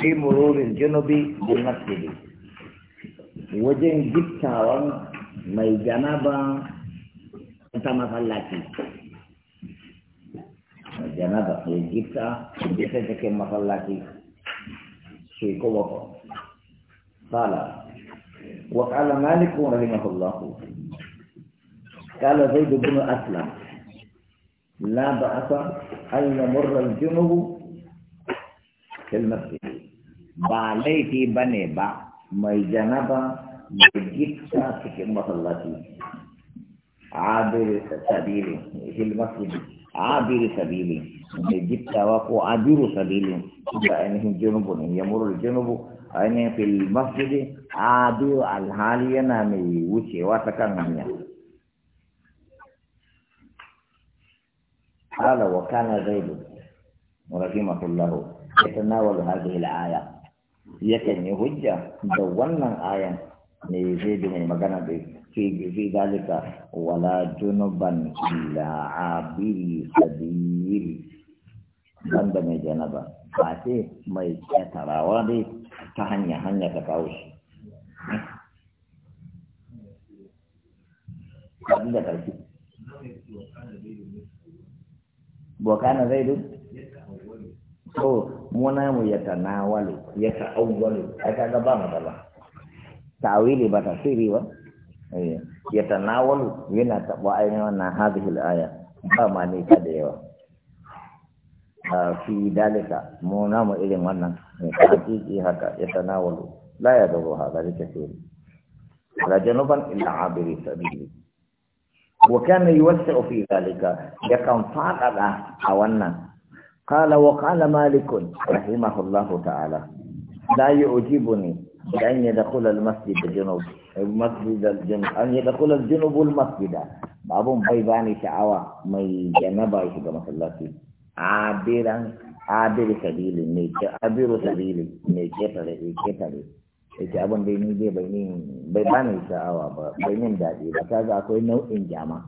في مرور الجنوب بالمسجد وجن جبتاوان مي جنابا انت فلاتي جنابا يجبتا ما فلاتي شيء كوبا قال وقال مالك رحمه الله قال زيد بن أسلم لا بأس أن يمر الجنوب داخل نسی بالے کی بنے با مئی جنبا مئی جیت سا سکمت اللہ تی عابر سبیلی في المسجد عابر سبیلی مئی جیت سا وقو عابر سبیلی با اینہی جنوب نہیں یمور في اینہی پی المسجد عابر الحالینا مئی وچے واسکان نمیان قال وكان زيد رحمه الله يتناول هذه الآية يكن يهجة دوانا آية نزيد من مغانا في في ذلك ولا جنبا إلا عابري سبيل بند من جنبا فاتي ما يتراوى تهني هني تكاوش abin da ƙarfi. Bokana zai duk? to muna mu ya tanawalu ya ta'awwalu ai kaga ba matsala ta'wili ba tafsiri ba eh, ya tanawalu yana taɓa ainihin wannan hadhihi al-aya ba ma ne ta da yawa fi dalika mu mu irin wannan ne eh, hakiki haka ya tanawalu la ya dabu hada da kafiri la januban illa abiri sabili wa kana yuwassi fi dalika yakan fadada a wannan Kala wa kala malikun rahimahullahu ta'ala. La yi ojibu ne, da an yi dakulal masjidar junubul masjida, babun bai ba ni sha'awa mai janaba shi ga masallaci. Abiran, abiru sabili, abiru sabili, mai ketare, mai ketare. Ita abin da ni zai bai nin, ba ni sha'awa ba, bai nin daɗi ba, ta ga akwai nau'in jama.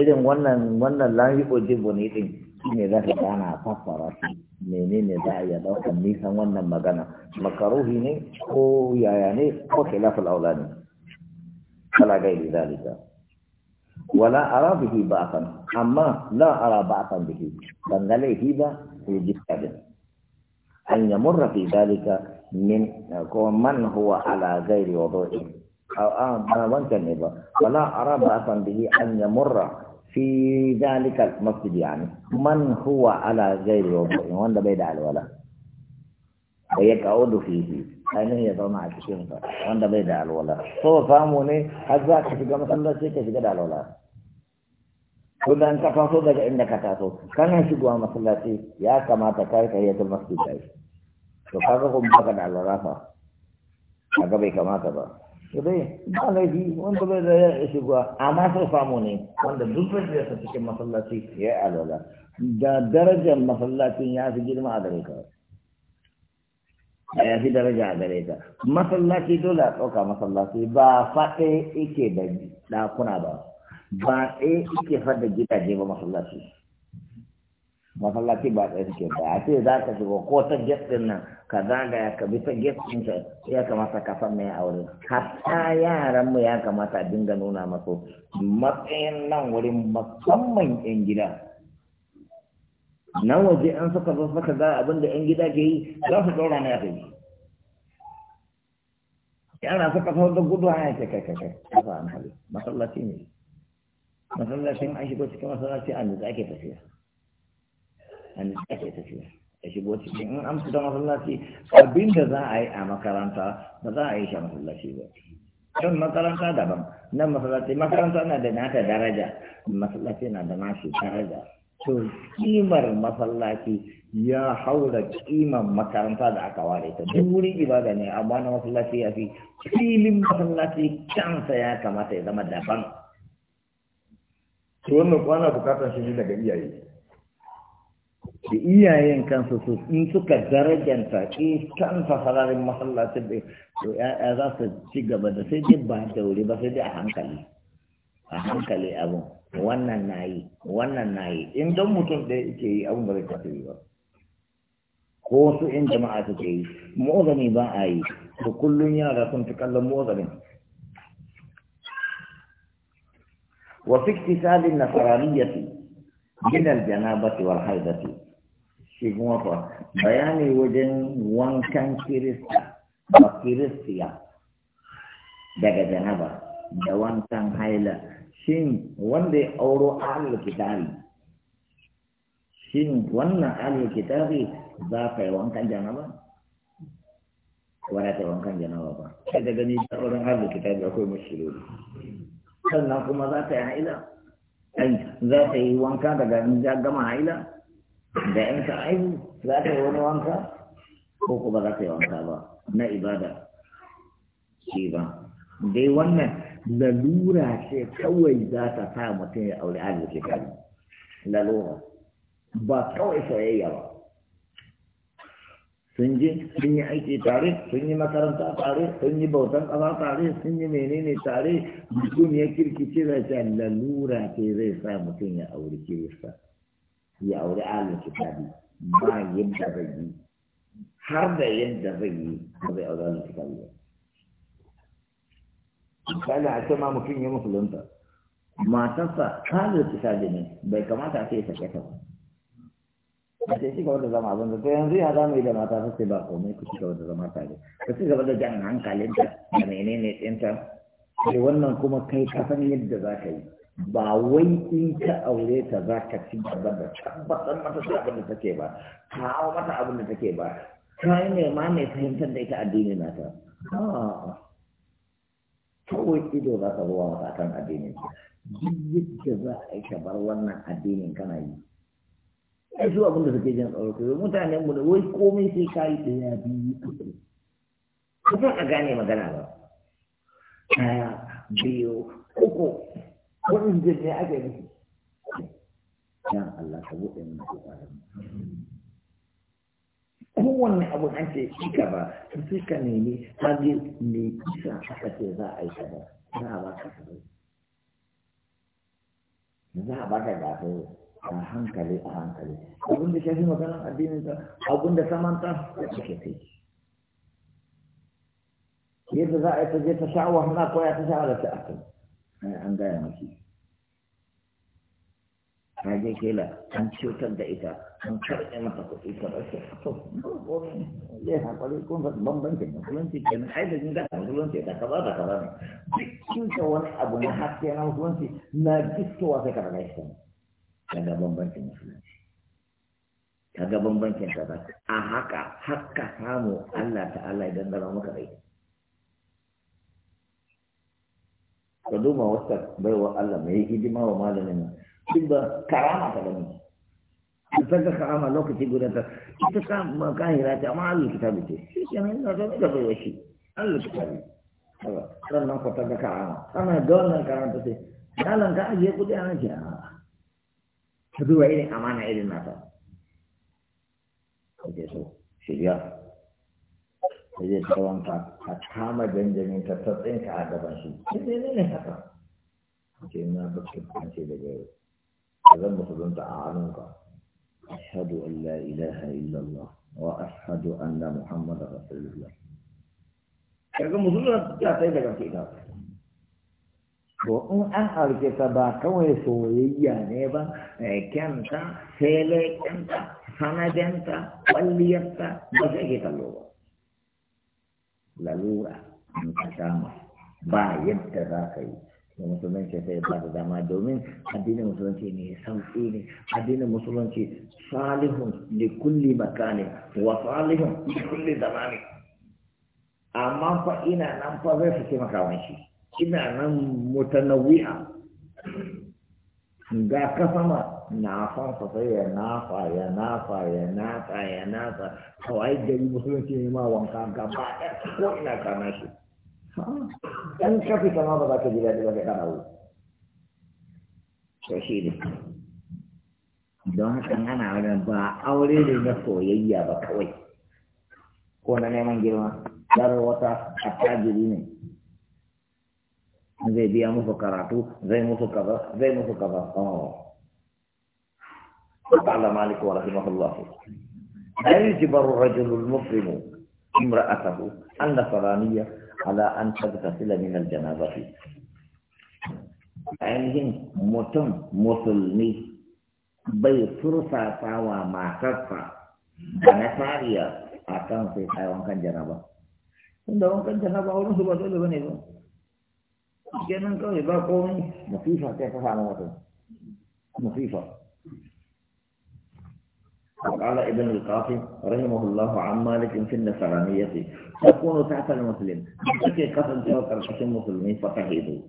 Irin wannan, wannan lan yi ojibu ne din, shi ne za ka gana fassara shi menene za a iya ɗaukar nisan wannan magana makaruhi ne ko yaya ne ko khilaful aula ne kala gairi zalika wala ara bihi ba'atan amma la ara ba'atan bihi ban ga laifi ba sai jikka din an yamurra fi zalika min ko man huwa ala gairi wudu'in a ba wancan وانت نبى ولا أرى ba'atan به أن يمر fi zalika masjid yani man huwa ala ghairi wudu'in wanda bai da alwala da ya kaudu fihi ainihin ya zauna a cikin sa wanda bai da alwala so samu ne har za ka shiga masallaci ka shiga da alwala ko dan ka faso daga inda ka taso kana shigowa masallaci ya kamata kai ka yi masjid dai to kaga kuma ka da alwala fa kaga bai kamata ba Ah, dai ba laifi wanda bai da ya shiga amma sai samu ne wanda duk bai da ta cikin masallaci ya yi alwala da darajar masallacin ya fi girma a gare ya fi daraja a gare ka masallaci dole a ɗauka masallaci ba faɗe yake da ɗakuna ba ba ɗaya yake faɗa gidaje ba masallaci masallaci ba ɗaya suke ba a ce za ka shigo ko ta get ɗin nan ka zagaya ka bi ta get ɗin ka ya kamata ka san mai aure hatta yaran mu ya kamata a dinga nuna masu matsayin nan wurin musamman yan gida nan waje an suka zo suka ga abin da yan gida ke yi za su ɗora na yi yana suka sau da gudu haya ce kai kai kai an hali masallaci ne masallacin an shigo cikin masallaci a nutsa ake tafiya an ke tafiya ya shigo cikin in an fita masallaci abin da za a yi a makaranta ba za a yi shi a masallaci ba kan makaranta daban nan masallaci makaranta na da nata daraja masallaci na da nashi daraja to kimar masallaci ya haura kimar makaranta da aka ware ta duk wurin ibada ne amma na masallaci ya fi filin masallaci kansa ya kamata ya zama daban to wannan kwana bukatar shi daga iyaye da iyayen kansu su in suka darajanta ke kansa fararin masallacin da to ya'ya za su ci gaba da sai dai ba da wuri ba sai dai a hankali a hankali abun wannan na yi wannan na yi in don mutum da yake yi abun ba zai yi ba ko su in jama'a suke yi mozami ba a yi to kullum yara sun fi kallon mozamin wa fi iktisalin nasaraniyyati min aljanabati wal haidati shi kuma fa bayani wajen wankan kirista ba kiristiya daga janaba da wankan haila shin wanda ya auro ahlul kitabi shin wannan ahlul kitabi za ka yi wankan janaba wala ta wankan janaba ba sai da gani da auren ahlul kitabi akwai mashirori sannan kuma za ta yi haila za ta yi wanka daga in gama haila da in ka aihu za ta yi wani wanka ko kuma za ta yi wanka ba na ibada ce ba dai wannan lalura ce kawai za ta sa mutum ya aure arziki kari lalura ba kawai soyayya ba sun ji sun yi aiki tare sun yi makaranta tare sun yi bautan ƙasa tare sun yi menene tare mutum ya kirkice da lalura ce zai sa mutum ya aure kirista ya aure alin kitabi ba yadda zai yi har da yadda zai yi ba zai aure alin kitabi ba misali a ce ma mutum ya musulunta matarsa kalin kitabi ne bai kamata a ce ya sake ta ba a ce shi ga da zama abin da to yanzu ya zama yi da mata ta ce ba komai ku ci gaba da zama tare ka ci gaba da jan hankalinta da menene ɗinta sai eh, wannan kuma kai kasan yadda za ka yi ba wai in ka aure ta za ka ci gaba da tabbatar mata da abin da take ba Ka hawa mata abin da take ba yi ne ma mai fahimtar da ita addini ta kawai ido za ka ruwa mata kan addinin ta duk yadda za a yi bar wannan addinin kana yi ai su abin da suke jin tsaro kai mutanen mu da wai komai sai ka yi da ya biyu kusan a gane magana ba ɗaya biyu uku kuɗin jin ne ake nufi ya Allah ka buɗe mana kokarin kowanne abu an ce shi ka ba sai ka nemi hali mai kisa aka ce za a yi ka ba za a ba ka kare za a ba ka gafe a hankali a hankali abin da shafi maganar addinin ta abin da samanta ya suke kai yadda za a yi ta je ta sha'awar na koya ta sha'awar ta akai ai an gaya miki ta je kela an cutar da ita an karɓe mata kuɗi ta a to zai haƙari kun san bambanci musulunci kenan ai da jin gata musulunci ta kaza da kaza ne duk cuta wani abu na haske na musulunci na gistowa sai ka raga Ta daga bambancin musulunci ta kaga bambancin kaza a haka haka samu Allah ta'ala idan zama maka rai ka duba wata baiwa Allah mai hidima wa malamin nan duk ba karama ta mutu. ta ga karama lokaci guda ta ita ka kahira ta amma Allah kitabi ce shi kenan ina zaune da baiwa shi Allah kitabi sannan ku ta ga karama ana da wannan karama ta ce dalan ka ajiye kudi a nan ce ka duba irin amana irin nata. Kake so, shirya. ta je ta wanka a kama janjamin ta ta tsinka a gaban shi ne ne ne haka ce na bakin kance daga yau a zan musulunta a hannunka ashhadu an la ilaha illallah wa ashhadu anna muhammadar rasulullah kaga musulunta ta sai daga ke ka to in an harke ta ba kawai soyayya ne ba kyanta sai lai kyanta sanadanta kwalliyarta ba sai ke kallo ba lalura in ka samu ba yadda za ka yi da musulunci sai ba da dama domin addinin musulunci ne sauƙi ne addinin musulunci salihun da kulli makani wa salihun da kulli zamani amma fa ina nan fa zai fi taimaka shi ina nan mutanawi'a ga ka sama na fansa sai ya nafa ya nafa ya nafa ya nafa kawai gari musulunci ne ma wanka gaba ɗaya ko ina kama shi ɗan kafi sama ba za ka ji daɗi ba ka ɗara to shi ne don haka ana wajen ba aure ne na soyayya ba kawai ko na neman girma dar wata attajiri ne zai biya musu karatu zai musu kaza zai musu kaza قال مالك ورحمه الله لا يجبر الرجل المسلم امرأته النصرانية على أن تغتسل من الجنابة ainihin mutum musulmi bai turfafa wa matarsa da na fariya a kan sai ta wankan janaba. Inda wankan janaba wurin su ba dole ba ne ba. جنن kawai ba komai musifa sai ta samu mutum musifa وقال ابن القاسم رحمه الله عن مالك في النصرانية تكون تحت المسلم لكي قتل جوكر قسم المسلمين فتحيدوا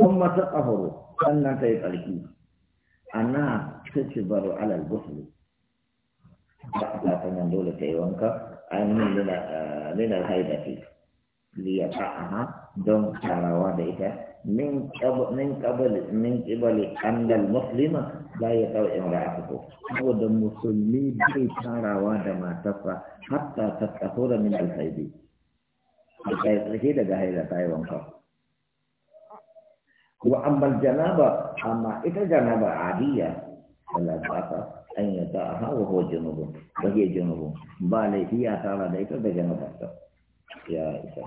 ثم تطهروا أن تيقلقوا أنا تجبر على البخل بعد أن دولة أيوانك أن من لنا الهيدة فيك ليقعها دون كروادئها من قبل من قبل من قبل أن المسلم لا يقع امرأته هو المسلمي بي كرواد ما تفا حتى تتطهر من الحيض كده ده هيدا تايوان كده وأما الجنابة أما إذا جنابة عادية فلا بأس أن يدعها وهو جنوب وهي جنوب بالي هي تعالى ذلك بجنوب أكثر ya isa